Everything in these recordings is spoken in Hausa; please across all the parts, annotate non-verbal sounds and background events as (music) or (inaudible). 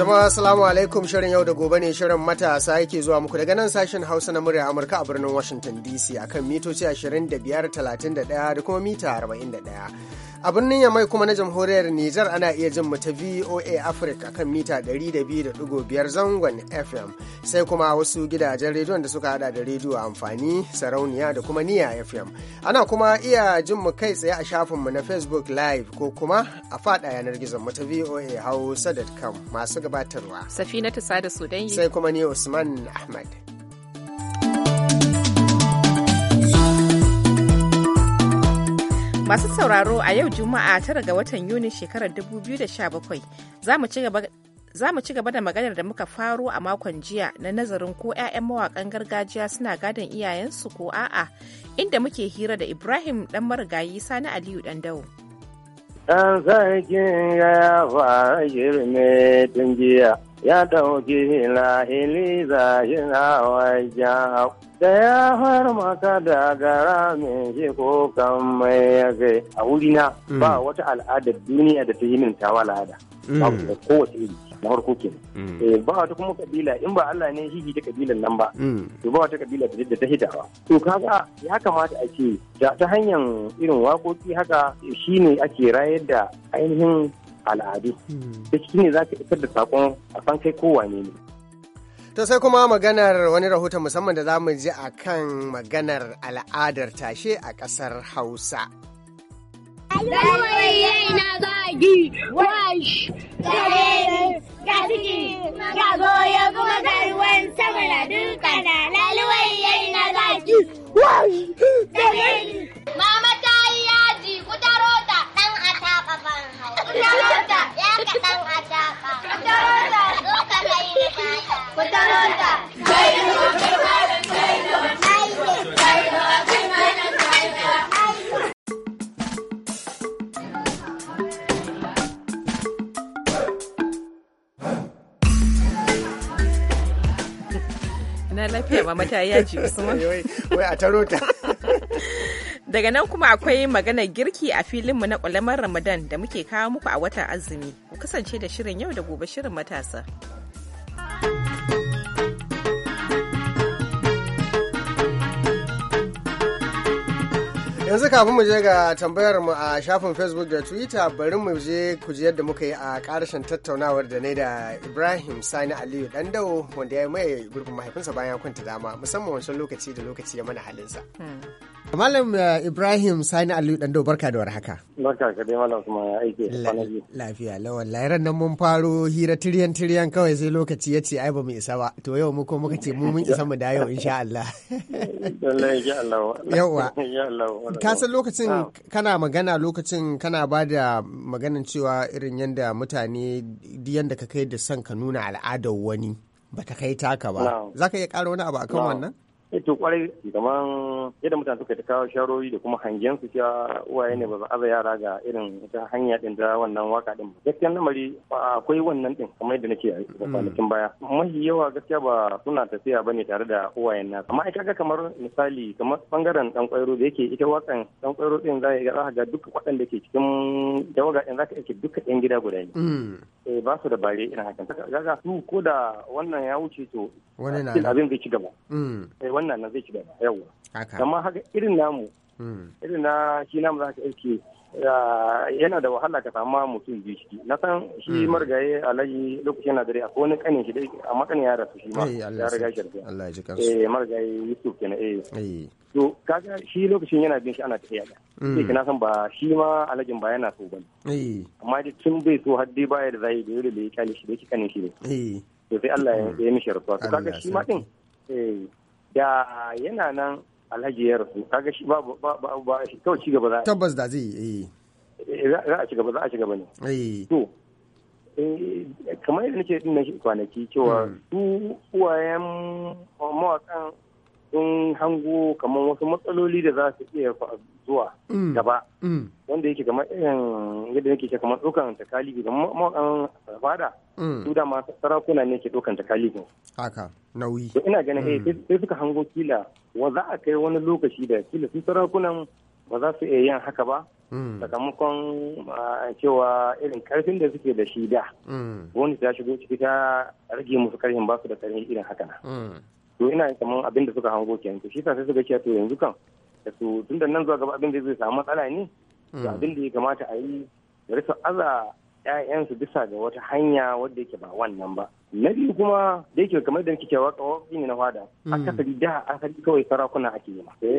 Jama'a salamu alaikum shirin yau da gobe ne shirin matasa yake zuwa muku daga nan sashen Hausa na murya Amurka a birnin Washington DC akan mitoci 25, 31 da kuma mita 41. A birnin Yamai kuma na jamhuriyar Nijar ana iya jin mu ta VOA Africa kan mita 200.5 zangon FM sai kuma wasu gidajen rediyon da suka hada da rediyo amfani sarauniya da kuma niya FM. Ana kuma iya jin mu kai tsaye a shafin mu na Facebook Live ko kuma a fada yanar gizon mu ta VOA Hausa.com masu gabatarwa. Safina ta sada Sudanyi. Sai kuma ni Usman Ahmad. Masu sauraro a yau Juma'a tara ga watan Yuni shekarar 2017 za mu ci gaba da maganar da muka faro a makon jiya na nazarin ko 'ya'yan mawakan gargajiya suna gadon iyayensu ko a'a inda muke hira da Ibrahim dan marigayi Sani Aliyu Dandawo. Ɗan sarkin ya fara girme tun jiya, ya ɗauki lahiliza yana wajen da ya har maka da gara shi ko kan mai ya A wurina ba mm. wata al'adar duniya da ta yi min tawa al'ada, mm. ba kowace iri. na farko mm. eh, ba wata kuma kabila in ba Allah ne hihi ta kabilan nan ba mm. to ba wata kabila da ta hidawa to kaga ya kamata a ce ta hanyar irin wakoki haka shine ake rayar da ainihin al'adu mm. da shine ne za ka isar da sakon a san kai kowa ne To sai kuma maganar wani rahoton musamman da za mu ji a kan maganar al'adar tashe a ƙasar Hausa. Lallai yana zagi, wash, ga ciki ga goyo kuma ga ruwan sama na duka na laluwai yayi na zaki mama ta yi yaji ku taro ta dan ataka ban hau taro ta ya ka dan ataka ku taro ta ku taro ta ku taro ta na lafiya mata yaji usman (laughs) wai a taro ta daga nan kuma akwai maganar girki a filinmu na ƙwalamar ramadan da muke kawo muku a watan azumi ku kasance da shirin yau da gobe shirin matasa yanzu kafin mu je ga tambayar mu a shafin facebook da twitter bari mu je ku ji yadda muka yi a karshen tattaunawar da ne da ibrahim sani aliyu dandawo wanda ya yi mai gurbin mahaifinsa bayan kwanta dama musamman wancan lokaci da lokaci ya mana halinsa. Hmm. Malam eh, Ibrahim Sani Aliyu Dando barka da warhaka. Barka ka dai malam kuma aiki Lafiya lawan lairan nan mun faro hira tiryan tiryan kawai sai lokaci ya ce ai ba mu isa ba to yau mu ko muka ce mu mun isa mu da yau (laughs) insha Allah. (laughs) Allah. (laughs) Ka san lokacin kana magana lokacin kana ba da maganin cewa irin yanda mutane yanda ka kai da son ka nuna al'adar wani bata kai taka ba. Za ka iya ƙara wani abu akan wannan? to kwarai kamar yadda mutane suka ta kawo sharori da kuma hangen su cewa uwaye ne ba za aza yara ga irin ta hanya din da wannan waka din gaskiyan lamari akwai wannan din kamar yadda nake a kwanakin baya mahi yawa gaskiya ba suna tafiya ba ne tare da uwayen na amma ita ga kamar misali kamar bangaren dan kwairo da yake ita wakan dan kwairo din za ga ga duka da ke cikin dawaga din za ka yake duka yan gida guda ne Eh, ba su da bare irin hakan kaga su ko da wannan ya wuce to wannan abin zai ci gaba mm. eh wannan na zai ci gaba yawa amma haka irin namu mm. irin na shi namu za ka aike yana da wahala ka samu mutum biyu shi na san shi hmm. marigaye alayi lokacin na dare akwai wani kanin shi a makanin ya rasu shi ma eh, ya riga shi da Allah ya ji kansu eh marigaye Yusuf kenan eh. eh to kaga shi lokacin yana bin shi ana tafiya da hmm. sai kana san ba shi ma alajin ba yana so bane eh. amma dai tun bai so har dai baya da zai da yore da ya kale shi da yake kanin shi ne to sai Allah ya hmm. yi mishi rasuwa to kaga shi ma din eh da yana nan alhaji ya rasu kaga shi ba ba ba shi kawai ci gaba za tabbas da zai yi eh. eh, za a cigaba za a cigaba ne eh. to kamar yadda nake din shi kwanaki cewa hmm. su uwayen mawakan sun hango kamar wasu matsaloli da za su iya zuwa mm. gaba mm. wanda yake kamar irin yadda nake ke kamar ɗaukan takalibi da mawakan fada mm. su da masu sarakuna ne ke ɗaukan takalibin haka nauyi to ina ganin eh, sai suka hango kila wa za a kai wani lokaci da kila su sarakunan ba za su iya yin haka ba sakamakon cewa irin karfin da suke da shi da Wani ta shigo ciki ta rage musu karfin ba su da karfin irin haka na to ina yin kaman abin da suka hango kenan yanzu shi sa sai suka ce to yanzu kan da su tun da nan zuwa gaba abin da zai samu matsala ne to hmm. abin da ya kamata a yi da rufe aza 'ya'yansu bisa ga wata hanya wadda yake ba wannan ba na biyu kuma da yake kamar da nake waka waƙoƙi ne na fada hmm. akasari da asali kawai sarakuna ake yi da ya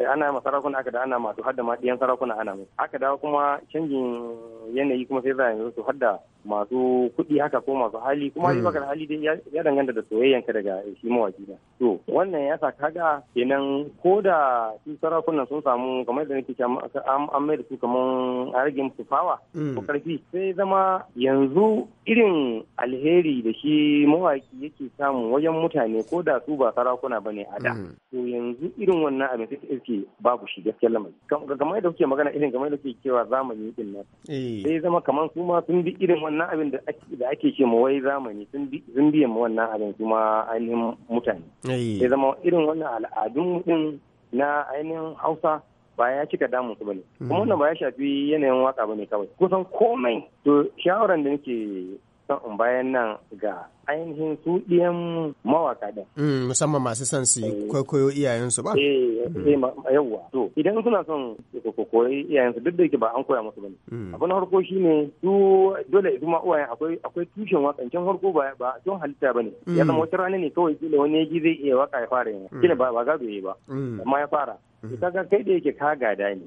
eh, ana ma sarakuna aka da ana ma to hadda ma ɗiyan sarakuna ana mu aka dawo kuma canjin yanayi kuma sai za a yanzu hadda masu kuɗi haka ko masu hali kuma yi hmm. baka hali dai ya danganta da soyayyanka daga shi mawaki da to wannan ya sa kaga kenan ko da su sarakunan sun samu kamar da nake an mai da su kamar an rage musu fawa hmm. ko karfi sai zama yanzu irin alheri da shi shi mawaki yake samu wajen mutane ko da su ba sarakuna ba ne a da mm. to yanzu irin wannan abin sai iske babu shi gaskiya lamari kamar yadda kuke magana irin kamar yadda kuke cewa zamani din nan eh. sai zama kamar su ma sun bi irin wannan abin da ake ce ma wai zamani sun bi ma wannan abin su ma ainihin mutane eh. sai zama irin wannan al'adun din na ainihin hausa ba ya cika damun su bane kuma mm. wannan ba ya shafi yanayin waka bane kawai kusan komai to shawaran da nake son in bayan nan ga ainihin su ɗiyan mawaka ɗin. Mm, musamman masu son su eh. kwaikwayo iyayensu ba? Eh, eh yawwa. To, idan suna son su kwaikwayo iyayensu duk da yake ba an koya musu ba ne. Mm. Abin na farko shi ne su dole su ma uwayen akwai akwai tushen can harko ba ba don halitta ba ne. Mm. Ya zama wata rana ne kawai kila wani yaji zai iya waƙa ya fara yin. Kila ba ga zuwa ba. Amma ya fara. kaga kai da yake ka gada ne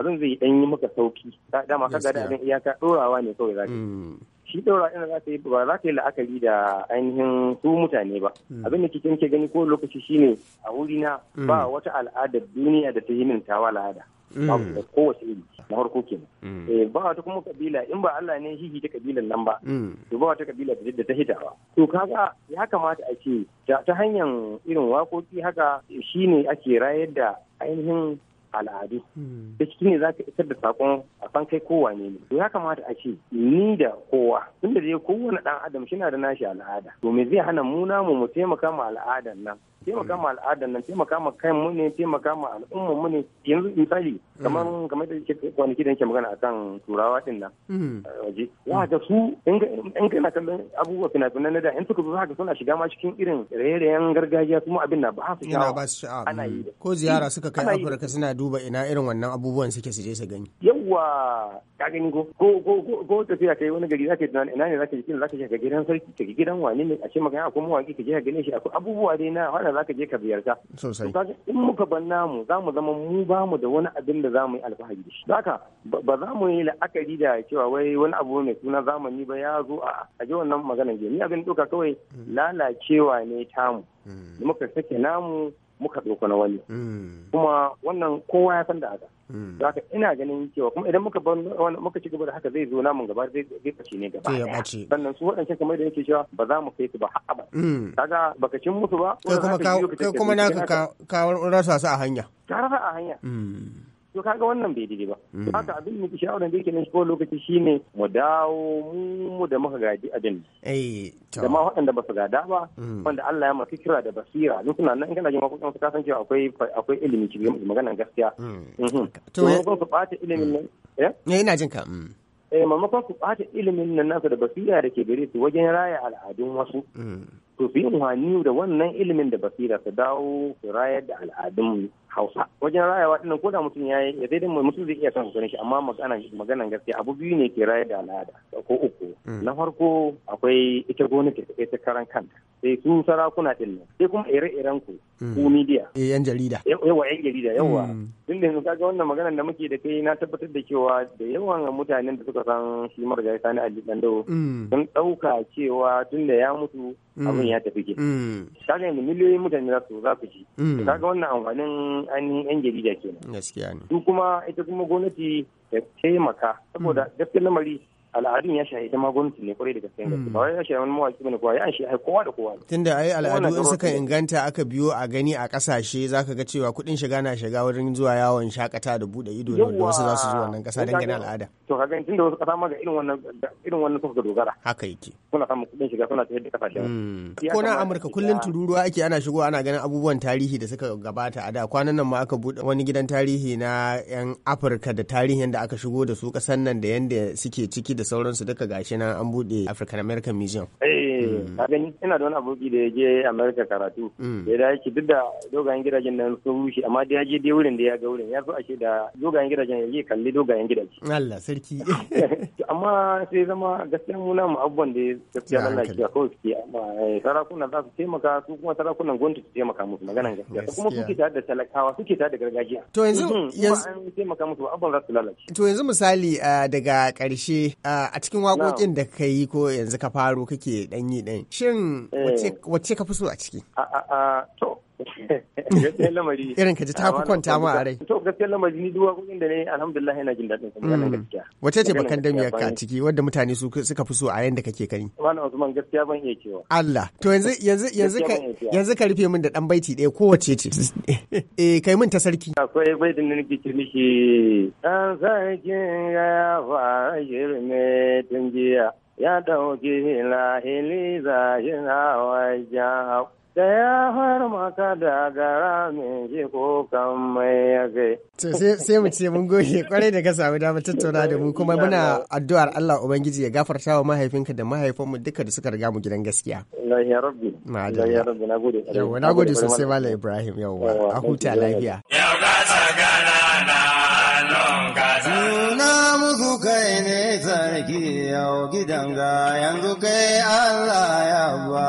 abin zai dan yi maka sauki dama ka gada abin iyaka ɗorawa ne kawai ka. shi ɗaura ina za ta yi ba za ta yi la'akari da ainihin su mutane ba hmm. abin da kike ke gani ko lokaci shine a wuri na hmm. ba wata al'adar duniya da ta yi min tawa hmm. Ba kowace iri na harko kenan eh, ba wata kuma kabila in ba Allah ne hihi ta kabilan nan ba to ba wata kabila da ta hita ba to kaga ya kamata a ce ta hanyar irin wakoki haka shine ake rayar da ainihin al'adu hmm. da ciki ne zaka isar da sakon a san kai kowa ne to ya kamata a ce ni da kowa tunda zai kowane dan adam shi na da nashi al'ada to me zai hana mu namu mu taimaka ma al'adan nan taimaka mm. ma al'adar nan taimaka ma kan mu ne taimaka ma al'umma mu ne yanzu misali mm. kamar kamar da yake kwanaki da ke magana akan turawa din nan mm. waje ya ga su in kana kallon abubuwa fina fina na da in suka zo haka suna shiga ma cikin irin rairayen gargajiya kuma abin na ba su sha'awa ana yi ko ziyara suka kai afirka suna duba ina irin wannan abubuwan suke su je su gani yau yawwa ka gani ko ko tafiya kai wani gari zaka tunani ina ne zaka je zaka je ga gidan sarki ka gidan wani ne a ce magana akwai mawaki ka je ka gane shi akwai abubuwa dai na wanda zaka je ka biyarta sosai in muka ban namu za mu zama mu ba mu da wani abin da za mu yi alfahari da shi haka ba za mu yi la'akari da cewa wai wani abu mai suna zamani ba ya zo a a ji wannan maganar je ni abin doka kawai hmm. lalacewa ne tamu hmm. muka sake namu muka ɗauka na wani mm. kuma wannan kowa ya san da haka za mm. ina ganin cewa kuma idan muka muka ci gaba da haka zai zo namun gaba zai ɓace ne gaba sannan su waɗancan kamar da yake cewa ba za mu kai su ba har ba mm. kaga baka cin musu ba kai kuma naka ka rasa su a hanya ka rasa a hanya to kaga wannan bai daidai ba mm. haka abin da shawara da yake nan ko lokaci shine mu dawo mu da muka gaji abin da ma waɗanda ba su gada ba mm. wanda Allah ya masu kira da basira duk suna nan kana jin wakokin ka san cewa akwai akwai ilimi cikin maganar gaskiya mm. mhm. to ko ku bata ilimin nan eh? eh ina jin ka eh maimakon ku bata ilimin nan nasu da basira da ke gare su wajen raya al'adun wasu to su yi da wannan ilimin da basira su dawo su rayar da al'adun hausa wajen rayawa dinnan ko da mutum ya yi ya zai dinga mutum zai iya son shi amma magana maganan gaskiya abu biyu ne ke rayar da al'ada ko uku mm. na farko akwai ita gwamnati ta ita karan kanta sai su sarakuna ɗin nan sai kuma ire-iren ku mm. ku media eh yan jarida yawa yan jarida yawa mm. tun da yanzu kaga wannan maganan da muke da kai na tabbatar da cewa da yawan mutanen da suka san shi marjayi sani Ali Dando sun dauka cewa tun da ya mutu abin ya tafi ke kaga yanzu miliyoyin mutane za su za su ji kaga wannan amfanin ainihin yan jarida kenan gaskiya ne kuma ita kuma gwamnati ta taimaka saboda gaskiya lamari al'adun ya shahi ma gwamnati ne kwarai da gaske gaske hmm. ba wai ya shahi wani mawaki bane kowa ya shahi kowa da kowa tunda ai al'adu in suka inganta aka biyo a gani a kasashe zaka ga cewa kuɗin shiga na shiga wurin zuwa yawon shakata da bude ido da wasu za su zo wannan kasa don ganin al'ada to ka gani tunda wasu kasa ma ga irin wannan irin wannan suka dogara haka yake kuna samun kudin shiga kuna tafiyar da kasashe hmm. ko na Amurka kullun tururuwa ake ana shigo ana ganin abubuwan tarihi da suka gabata a da kwanan nan ma aka bude wani gidan tarihi na 'yan Afirka da tarihin da aka shigo da su kasan nan da yanda suke ciki da sauransu duka gashi nan an bude African American Museum. Eh, hmm. ka gani ina da wani aboki da ya je America karatu. Hmm. Ya Da yake duk da dogayen gidajen nan sun rushe amma da ya je dai wurin da ya ga wurin ya so ashe da dogayen gidajen ya je kalli dogayen gidaje. Allah sarki. (laughs) Amma sai zama gaskiya mu na mu abban da gaskiya Allah ya kawo shi amma eh, sarakuna za su taimaka su kuma sarakunan gwamnati su taimaka musu maganan gaskiya. Kuma suke tare da talakawa suke tare da gargajiya. To yanzu yanzu taimaka musu abban za su lalace. To yanzu misali ah, daga ƙarshe a cikin waƙoƙin da ka yi ko yanzu ka faro kake ɗanyi ɗan shin eh. wace ka fi so a ciki? To gaskiyar lamari (laughs) irin ka ji ta fi kwanta ma a rai to gaskiyar lamari ni duwa kudin da ne alhamdulillah yana jin daɗin kuma hmm. gaskiya wace ce bakan damiya ka ciki wadda mutane su suka fi so a yanda kake kani wannan usman gaskiya ban iya cewa Allah to yanzu yanzu yanzu ka yanzu ka rufe min da dan baiti ɗaya kowace ce (laughs) eh kai min ta sarki akwai baitin da nake ce miki dan ga ya fa'ir me tun jiya ya dauki lahili zahin hawa jahu da ya har maka da gara min ji ko kan mai ya gai. sai mu ce mun goge kwarai da ka samu damar tattauna da mu kuma muna addu'ar Allah Ubangiji ya gafarta wa mahaifinka da mahaifinmu duka da suka riga mu gidan gaskiya. Lahiya rabbi. Lahiya rabbi na gode. Yawwa na gode sosai Malam Ibrahim yawwa a huta lafiya. Yau ka tsagana na longa Nuna muku kai ne sarki yau gidan ga yanzu kai Allah ya ba.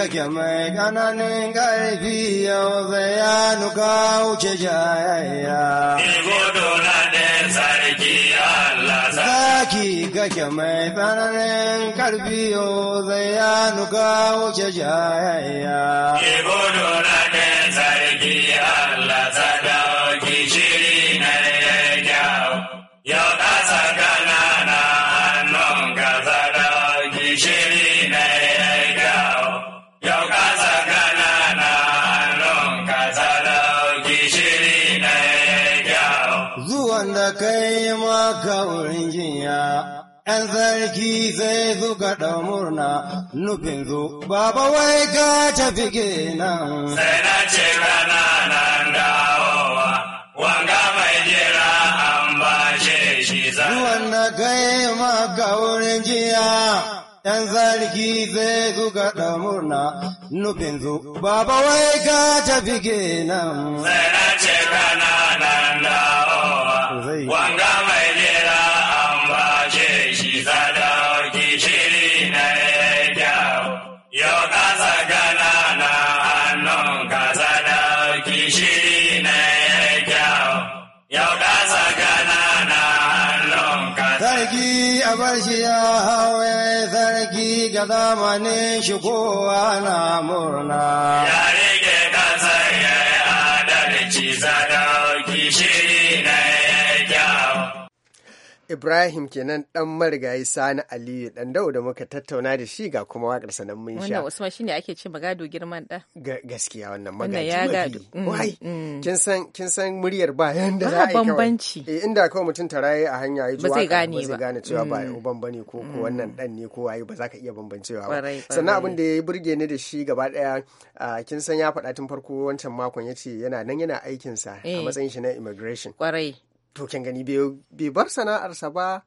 kake mai ƙananin ƙarfi yau zaya nuka wuce sarki mai tsananin ƙarfi yau zaya nuka wuce sarki zai zuga murna nufin baba wai ga tafi nan. sai na ce rana nan dawowa wanga mai jira an bashe shi za. zuwan na kai maka wurin jiya ɗan zargi zai zuga murna nufin baba wai ga tafi nan. sai na ce rana nan dawowa wanga mai jira Yau na sagana na hannun ka sadauki shi ne kyau. Yau na na hannun ka Sarki a barshi ya hawe eh, sarki ga zamanin shi kowa na murna. Ibrahim kenan dan marigayi Sani Aliyu dan dau da muka tattauna da shi ga kuma wakar sanan mun sha. Wannan Usman shine ake ce magado girman da. gaskiya wannan magaji mafi. Mm, wai mm. kin san kin san muryar ba yanda za a yi bambanci. Eh inda kawai mutun taraye a hanya yi zuwa ba zai gane cewa ba mm. uban bane ko ko wannan dan ne ko wai ba za ka iya bambancewa ba. Sannan abin da ya burge ni da shi gaba daya kin san ya faɗa tun farko wancan makon yace yana nan yana aikinsa a eh. matsayin shi na immigration. Kwarai. to kin gani bai bar sana'arsa ba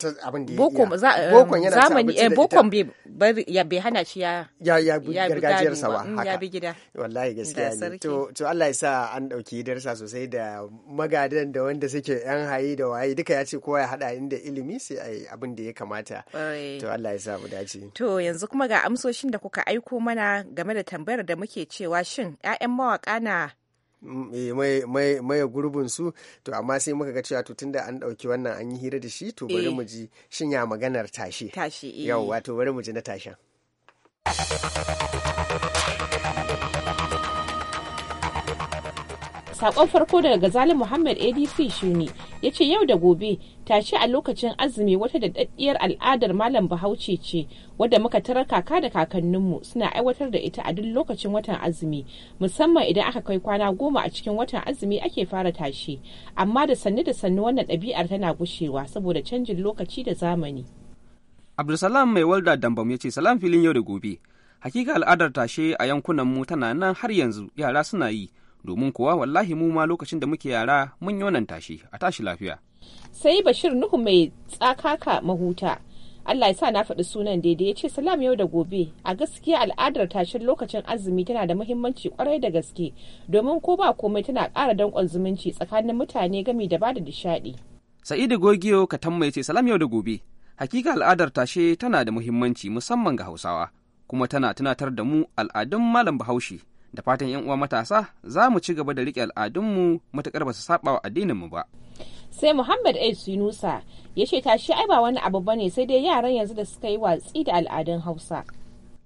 abin da ya iya eh, bokon yana eh, bokon bai ya bai hana shi ya ya ya ba mm, haka ya bi gida wallahi gaskiya ne to Allah ya sa an dauki darsa sosai da magadan da wanda suke yan hayi da waye duka ya ce kowa ya hada inda ilimi sai ai abin da ya kamata to Allah ya sa mu dace to yanzu kuma ga amsoshin da kuka aiko mana game da tambayar da muke cewa shin ƴaƴan mawaka na Eh, mai gurbin su to amma sai muka ga cewa to tunda an dauki wannan an yi hira da shi to bari eh. mu ji shin ya maganar tashe tashe eh. yau wato bari mu ji na tashen sakon farko daga Gazali Muhammad ADC shine ya ce yau da gobe tashi a lokacin azumi wata daɗaɗɗiyar al'adar malam Bahaushe ce wadda muka tarar kaka da kakanninmu suna aiwatar da ita a duk lokacin watan azumi musamman idan aka kai kwana goma a cikin watan azumi ake fara tashi amma da sannu da sannu wannan ɗabi'ar tana gushewa saboda canjin lokaci da zamani. Abdulsalam mai walda dambam ya ce salam filin yau da gobe. Hakika al'adar tashe a yankunan mu tana nan har yanzu yara suna yi domin kuwa wallahi mu ma lokacin da muke yara mun yi wannan tashi a tashi lafiya. Sai Bashir Nuhu mai tsakaka mahuta. Allah ya sa na faɗi sunan daidai ya ce salam yau da gobe a gaskiya al'adar tashin lokacin azumi tana da muhimmanci kwarai da gaske domin ko ba komai tana ƙara danƙon zumunci tsakanin mutane gami da bada nishaɗi. Sa'idu Gogiyo Katamma ya ce salam yau da gobe hakika al'adar tashe tana da muhimmanci musamman ga Hausawa kuma tana tunatar da mu al'adun malam Bahaushe da fatan 'yan uwa matasa za mu ci gaba da riƙe al'adunmu matuƙar ba su saba wa addininmu ba. sai muhammad a sunusa ya ce tashi ai ba wani abu ba ne, sai dai yaran yanzu da suka yi watsi da al'adun hausa.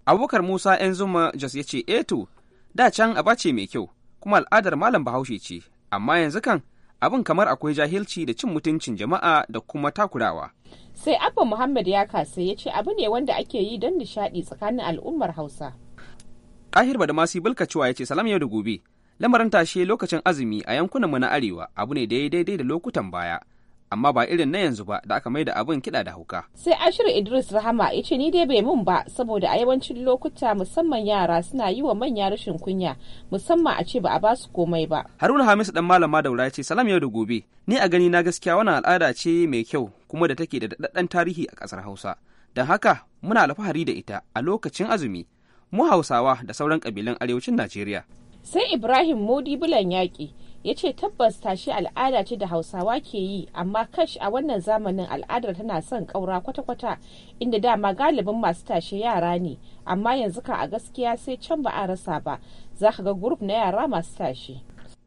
abubakar musa yan zuma jos ya ce eto eh da can a bace mai kyau kuma al'adar malam bahaushe ce amma yanzu kan abin kamar akwai jahilci da cin mutuncin jama'a da kuma takurawa. sai abba muhammad ya kasa ya ce abu ne wanda ake yi don nishaɗi tsakanin al'ummar hausa. masu bulka cewa ya ce salam yau da gobe. Lamarin tashe lokacin azumi a yankunan mu na arewa abu ne da ya daidai da lokutan baya. amma ba irin na yanzu ba da aka mai da abin kiɗa da hauka. Sai Ashiru Idris Rahama ya ce ni dai bai mun ba saboda a yawancin lokuta musamman yara suna yi wa manya rashin kunya musamman a ce ba a ba su komai ba. Haruna Hamisu dan malama daura ya ce salam yau da gobe ni a gani na gaskiya wannan al'ada ce mai kyau kuma da take da daɗaɗɗen tarihi a ƙasar Hausa. Don haka muna alfahari da ita a lokacin azumi mu hausawa da sauran kabilan arewacin najeriya sai ibrahim modi bulan yaƙi ya ce tabbas tashi al'ada ce da hausawa ke yi amma kash a wannan zamanin al'adar tana son ƙaura kwata-kwata inda dama galibin masu tashe yara ne amma yanzu ka a gaskiya sai can ba a rasa ba za ka ga gurup na yara masu tashe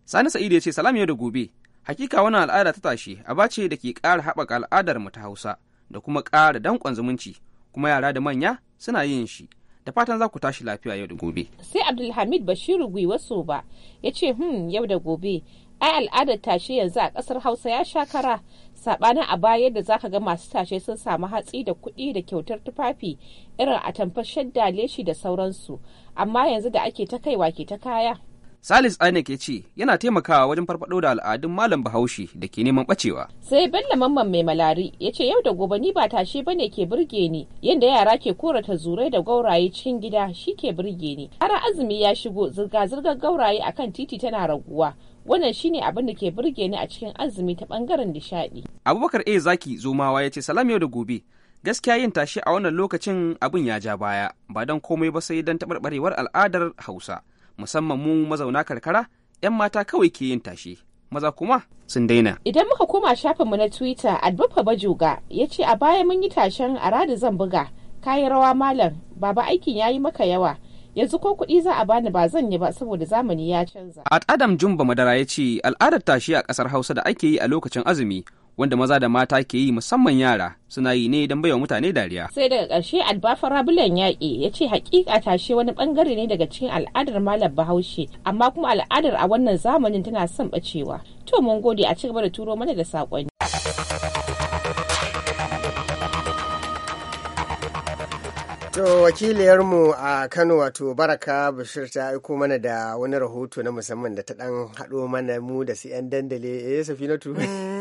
sani sa'idu ya ce salam yau da gobe hakika wannan al'ada ta tashe aba ce da ke ƙara haɓaka al'adar mu ta hausa da kuma ƙara danƙon zumunci kuma yara da manya suna yin shi da fatan za ku tashi lafiya yau da gobe. Sai Abdulhamid Bashiru so ba ya ce hmm yau da gobe ai al'adar tashe yanzu a ƙasar Hausa ya sha kara sabanin a baya da za ka ga masu tashe sun samu hatsi da kuɗi da kyautar tufafi irin atamfar shadda leshi da sauransu amma yanzu da ake ta kaiwa ke ta kaya Salis Ainek ya ce yana taimakawa wajen farfado da al'adun malam Bahaushe da ke neman bacewa. Sai Bello Mamman mai malari ya ce yau da gobe ni ba tashe bane ke burge ni yadda yara ke korata zurai da gauraye cikin gida shi ke burge ni. Har azumi ya shigo zirga-zirgar gauraye akan titi tana raguwa. wannan shine abin da ke burge ni a cikin azumi ta bangaren nishaɗi. Abubakar A Zaki zomawa ya ce salam yau da gobe gaskiya yin tashi a wannan lokacin abin ya ja baya ba don komai ba sai don taɓarɓarewar al'adar Hausa. musamman mu mazauna karkara 'yan mata kawai ke yin tashe maza kuma sun daina. Idan muka koma shafinmu na Twitter, Adbuffa Bajoga ya ce a baya mun yi tashen a radi zan buga, kayi rawa malam, baba aikin ya yi maka yawa, yanzu ko kuɗi za a bani ba zan yi ba saboda zamani ya canza. At Adam Jumba Madara ya ce al'adar tashe a ƙasar Hausa da ake yi a lokacin azumi wanda maza da mata ke yi musamman yara suna yi ne don baiwa mutane dariya. Sai daga ƙarshe Alba Farabulan yaƙi ya ce hakika tashe wani bangare ne daga cikin al'adar malam Bahaushe amma kuma al'adar a wannan zamanin tana son bacewa. To mun gode a cigaba da turo mana da saƙonni. To mu a Kano wato Baraka Bashir ta aiko mana da wani rahoto na musamman da ta ɗan haɗo mana mu da su 'yan dandali. eh Safinatu. Mm.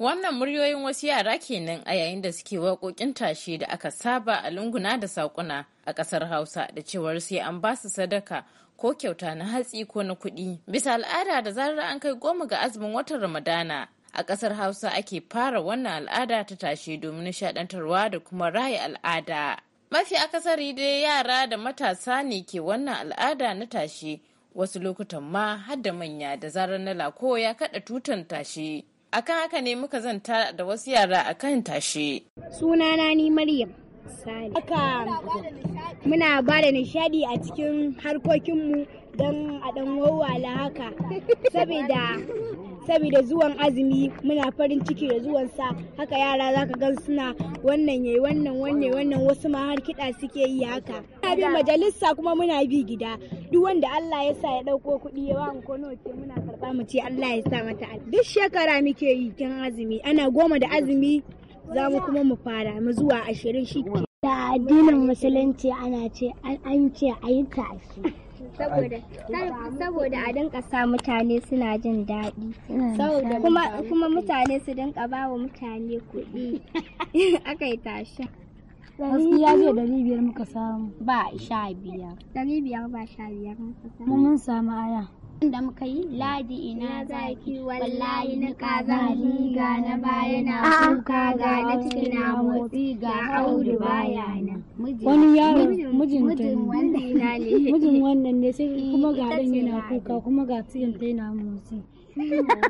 Wannan muryoyin wasu yara kenan a yayin da suke waƙoƙin tashe da aka saba a lunguna da saƙuna a ƙasar Hausa da cewar sai an ba su sadaka ko kyauta na hatsi ko na kuɗi. Bisa al'ada da zarar an kai goma ga azumin watan Ramadana a ƙasar Hausa ake fara wannan al'ada ta tashe domin nishaɗantarwa da kuma raya al'ada. Mafi akasari dai yara da matasa ne ke wannan al'ada na tashe wasu lokutan ma har da manya da zarar na lako ya kaɗa tutan tashe. akan haka ne muka zanta da wasu yara akan tashe sunana ni maryam muna ba da nishadi a cikin harkokinmu don a ɗan wawala haka saboda saboda zuwan azumi muna farin ciki da zuwan sa haka yara za ka gan suna wannan yayi wannan wanne wannan wasu ma har kiɗa suke yi haka muna bi majalisa kuma muna bi gida duk wanda Allah ya sa ya ɗauko kuɗi ya ba mu ko nawa ce muna karɓa mu ce Allah ya sa mata duk shekara muke yi kin azumi ana goma da azumi za mu kuma mu fara mu zuwa ashirin shi da addinin musulunci ana ce an ce a yi tashi saboda a dinka sa mutane suna jin daɗi kuma mutane su dinka ba wa mutane kuɗi (laughs) aka yi tashi gaskiya jiya dari biyar muka samu ba sha biyar dari biyar ba sha biyar muka samu mun samu aya da muka yi ladi ina zaki wallahi na kaza ga na baya na kuka ga na ciki na motsi ga audu baya na wani yaro mijin mijin (laughs) wannan ne sai eh, kuma ga dan yana kuka kuma ga cikin ta yana motsi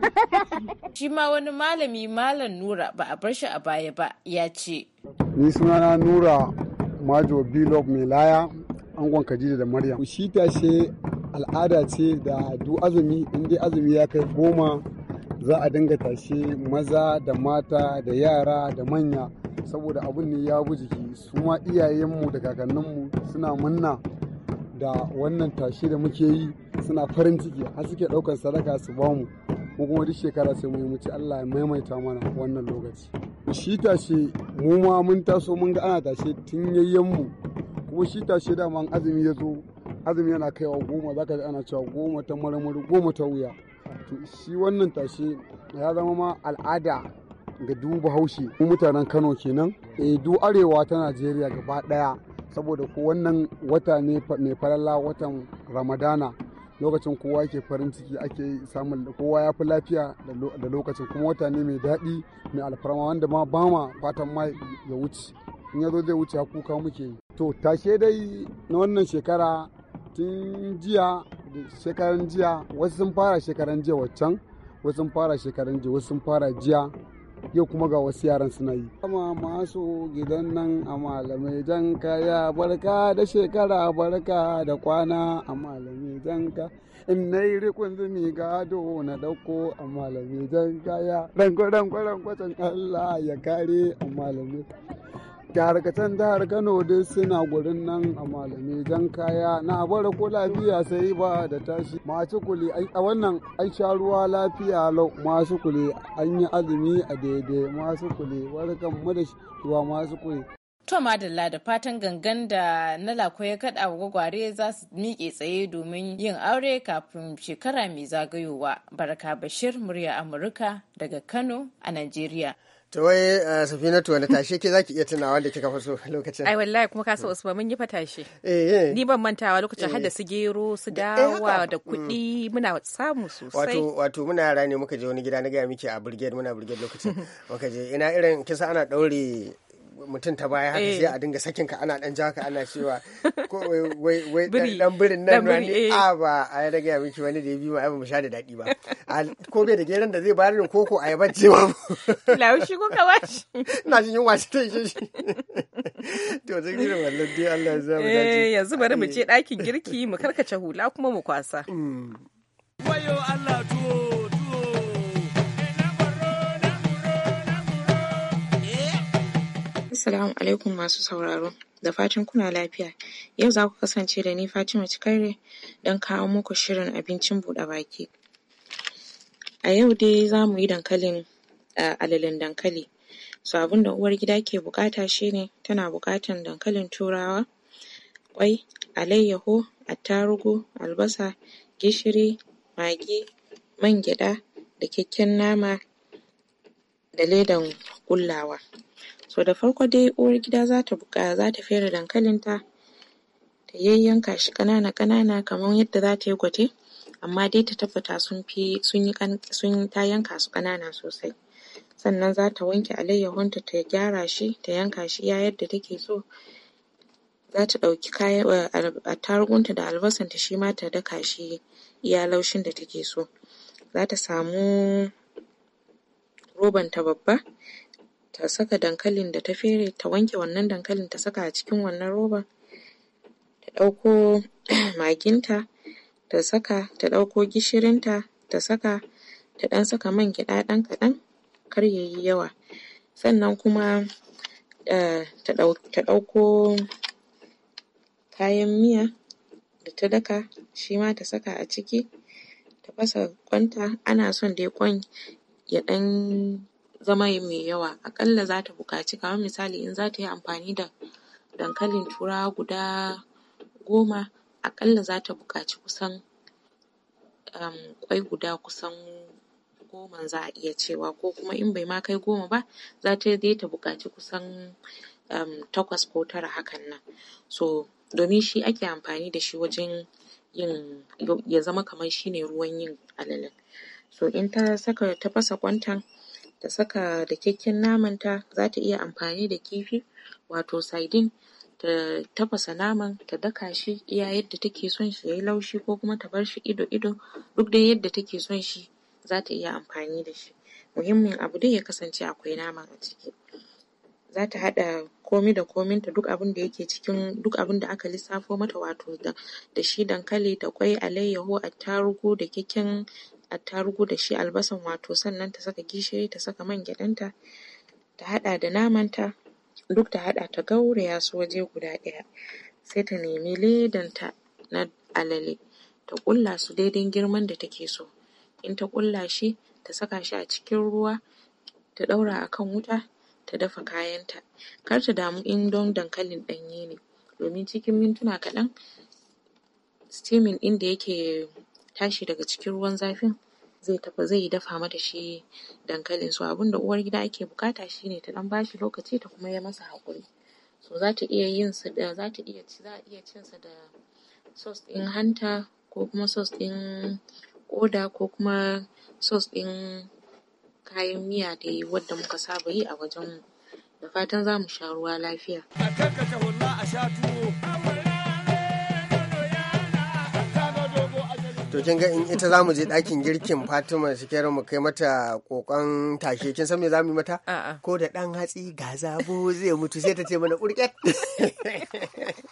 (laughs) shi ma wani malami malam nura ba a bar shi a baya ba ya ce ni sunana nura majo bilog mai laya angon kadija da maryam shi tashe al'ada ce da duk azumi in dai azumi ya kai goma za a dinga tashe maza da mata da yara da manya saboda abin ne ya bi jiki su ma iyayenmu da kakanninmu suna manna da wannan tashe da muke yi suna farin ciki har suke ɗaukar sadaka su bamu mu kuma duk shekara sai mu ci Allah ya maimaita mana wannan lokaci shi tashi mu ma mun taso mun ga ana tashe tun yayyen mu kuma shi tashi da man azumi ya zo azumi yana kaiwa goma zaka ji ana cewa goma ta marmari goma ta wuya to shi wannan tashe ya zama ma al'ada ga du bahaushe mu mutanen kano kenan eh du arewa ta najeriya gaba daya saboda ko wannan wata ne mai falala watan ramadana lokacin kowa ke farin ciki ake samun kowa ya fi lafiya da lokacin kuma wata ne mai daɗi mai alfarma wanda ma ba ma fatan ma ya wuce in ya zo zai wuce kuka muke to tashe dai na wannan shekara tun jiya da shekaran jiya wasu sun fara shekaran jiya waccan wasu sun fara shekaran jiya wasu sun fara jiya yau kuma ga wasu yaran suna yi. Kama masu gidan nan a malamai jan kaya barka da shekara barka da kwana a malamai jan ka. In na yi rikun zumi gado na dauko a malamai jan kaya ranko ranko ranko Allah ya kare a malamai. tarkatan jihar kano dai suna gurin nan a malami jan kaya na abara ko lafiya sai ba da tashi masu kuli a wannan an sha ruwa lafiya lau masu kuli an yi azumi a daidai masu kuli barkan mu da shiwa masu kuli To Madalla da fatan gangan da na lako ya kada gwagware za su miƙe tsaye domin yin aure kafin shekara mai zagayowa. Barka Bashir murya Amurka daga Kano a Najeriya. To wai eh, Safinatu wani tashe ke zaki iya tunawa da kika faso lokacin? Ai wallahi kuma ka san Usman mun yi fatashe. Eh. Ni ban mantawa lokacin har da eh. su gero su dawa da mm. kuɗi muna samu sosai. Wato wato muna yara ne muka je wani gida na gaya miki a Brigade muna Brigade lokacin. (laughs) Muka je ina irin kisa ana ɗaure mutum ta baya haka eh. sai a dinga sakin ka ana dan jaka ana cewa ko wai wai dan birin nan wani eh. a ba a rage miki wani da ya bi ma ba mu sha da dadi ba ko bai da geran da zai bayar da koko a yaban ce ba laushi ko ka washi na jin yin washi ta shi to zai gina wallan dai Allah ya zama dace eh, yanzu bari mu je dakin girki mu karkace hula kuma mu kwasa mm. wayo Allah Assalamu alaikum masu sauraro, da fatan kuna lafiya. Yau za ku kasance da ni Fatima Cikare don kawo muku shirin abincin buɗe baki. A yau dai za mu yi dankalin alalen dankali. So abin da uwar gida ke buƙata shi ne tana buƙatan dankalin turawa, ƙwai, alayyaho, attarugu, albasa, gishiri, magi, man gyaɗa da kyakken nama da ledan ƙullawa. So da farko dai uwar ta zata buƙa zata fere dankalin ta ta yayyanka shi ƙanana ƙanana kamar yadda zata yi gwate amma dai ta tabbata sun fi sun yi ta yanka su ƙanana sosai. Sannan zata wanke alayyahun ta ta gyara shi ta yanka shi iya yadda take so. Zata ɗauki kayan eh, attarugun ta da albasan ta shima ta daka shi iya laushin da take so. Zata samu roban ta babba ta saka dankalin da ta fere ta wanke wannan dankalin ta saka a cikin wannan roba, ta ɗauko (clears throat) maginta ta saka ta ɗauko gishirinta ta saka ta ɗan saka man gyaɗa ɗan kaɗan kar ya yi yawa sannan kuma eh, ta ɗauko kayan miya da ta daka shi ma ta saka a ciki ta fasa ƙwanta ana son dai ƙwan ya ɗan zama mai yawa aƙalla za ta buƙaci kamar misali in za ta yi amfani da dankalin turawa guda goma aƙalla za ta buƙaci kusan um, ƙwai guda kusan goma za a iya cewa ko kuma in bai ma kai goma ba za ta dai ta buƙaci kusan um, takwas ko tara hakan nan so domin shi ake amfani da shi wajen yin ya zama kamar shi ne ruwan yin alalen so in ta saka ta fasa ƙwan ta saka dakakken naman ta zata iya amfani da kifi wato sardine ta tafasa naman ta daka shi iya yadda take son shi yayi laushi ko kuma ta bar shi ido-ido duk dai yadda take son shi za ta iya amfani da shi muhimmin abu dai ya kasance akwai naman a ciki Za ta haɗa komai da komai ta duk abinda yake cikin duk da aka lissafo mata wato da shi dankali da kwai, alayyaho, attarugu, dakakken attarugu da shi albasan wato sannan ta saka gishiri ta saka man gyaɗan ta haɗa da naman ta duk ta haɗa ta gauraya su waje guda ɗaya sai ta nemi ledan ta na alale ta ƙulla su daidai girman da take so in ta ƙulla shi ta saka shi a cikin ruwa ta ɗaura a kan wuta ta dafa kayan ta kar ta damu in don dankalin ɗanye ne domin cikin mintuna kaɗan steaming ɗin da yake tashi daga cikin ruwan zafin zai dafa mata shi dankalin. So abunda gida ake buƙata shine ne ta ɗan bashi lokaci ta kuma yi masa haƙuri. So za ta iya yin su da za ta iya za a iya cin sa da sauce ɗin hanta ko kuma sauce ɗin ƙoda ko kuma sauce ɗin kayan miya da dai wadda muka saba yi a wajen mu. Da fatan za mu sha ruwa lafiya. to kin ga in ita zamu je dakin girkin Fatima Shikeru mu kai mata kokon tashe kin san me zamu yi mata ko da dan hatsi ga zabo zai mutu sai ta ce mana kurket (laughs)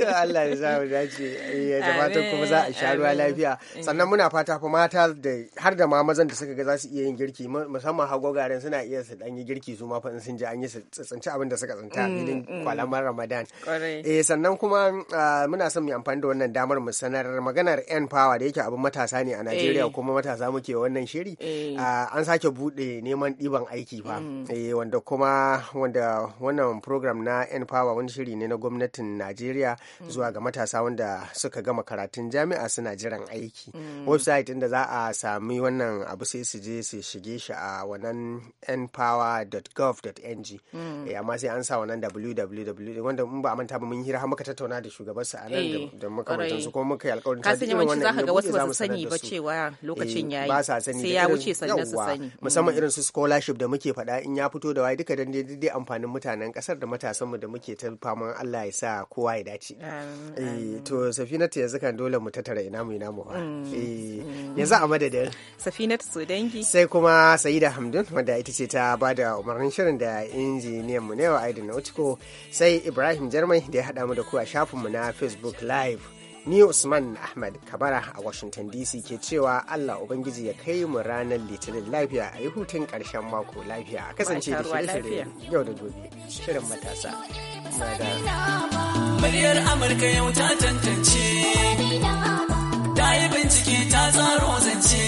to (laughs) Allah ya sa dace eh, ya zama kuma za a sha ruwa lafiya sannan muna fata fa mata da har da ma mazan da suka ga za su iya yin girki musamman hagogaren suna iya su dan yi girki su ma fa sun ji an yi su tsinci abin da suka tsinta mm, filin mm. kwalamar Ramadan eh sannan kuma ah, muna son mu amfani da wannan damar mu sanar maganar N power da yake abin matasa ne a Najeriya eh. kuma matasa muke wannan shiri eh. ah, an sake bude neman diban aiki fa mm. eh wanda kuma wanda wannan program na N power wani shiri ne na gwamnatin Najeriya Mm. zuwa ga matasa wanda suka gama karatun jami'a suna jiran aiki mm. website inda za a sami wannan abu sai su je su shige shi a wannan npower.gov.ng mm. eh, amma sai an sa wannan www wanda in ba manta ba mun hira muka tattauna da shugaban sa nan da eh, makamantan su kuma muka yi alƙawarin ta zai wannan za mu sanar ba su sani ba cewa lokacin eh, sa sani sai ya wuce sannan su sani musamman irin su scholarship da muke faɗa in ya fito da wai duka dan daidai amfanin mutanen kasar da matasan mu da muke ta faman Allah ya sa kowa ya dace eh to safinatu yanzu kan dole mu tattara ina mu ina mu ba mm, eh, mm. yanzu a madadin safinatu so dangi sai kuma sayida hamdun wanda ita ce ta ba da umarnin shirin da injiniyan mu ne wa aidin nauciko sai ibrahim jarmai da ya haɗa mu da ku a shafin mu na facebook live Ni Usman Ahmad Kabara a Washington DC ke cewa Allah Ubangiji ya kai mu ranar Litinin lafiya a yi hutun ƙarshen mako lafiya a kasance da shirye yau da gobe shirin matasa. Muryar Amurka yau ta tantance, ta yi bincike ta tsaro zance,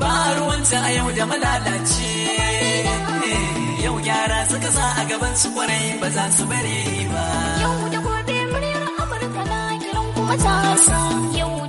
ba ruwanta a yau da malalace. Eh, yau gyara suka sa a gaban su kwarai ba za su bare ba. 我再三犹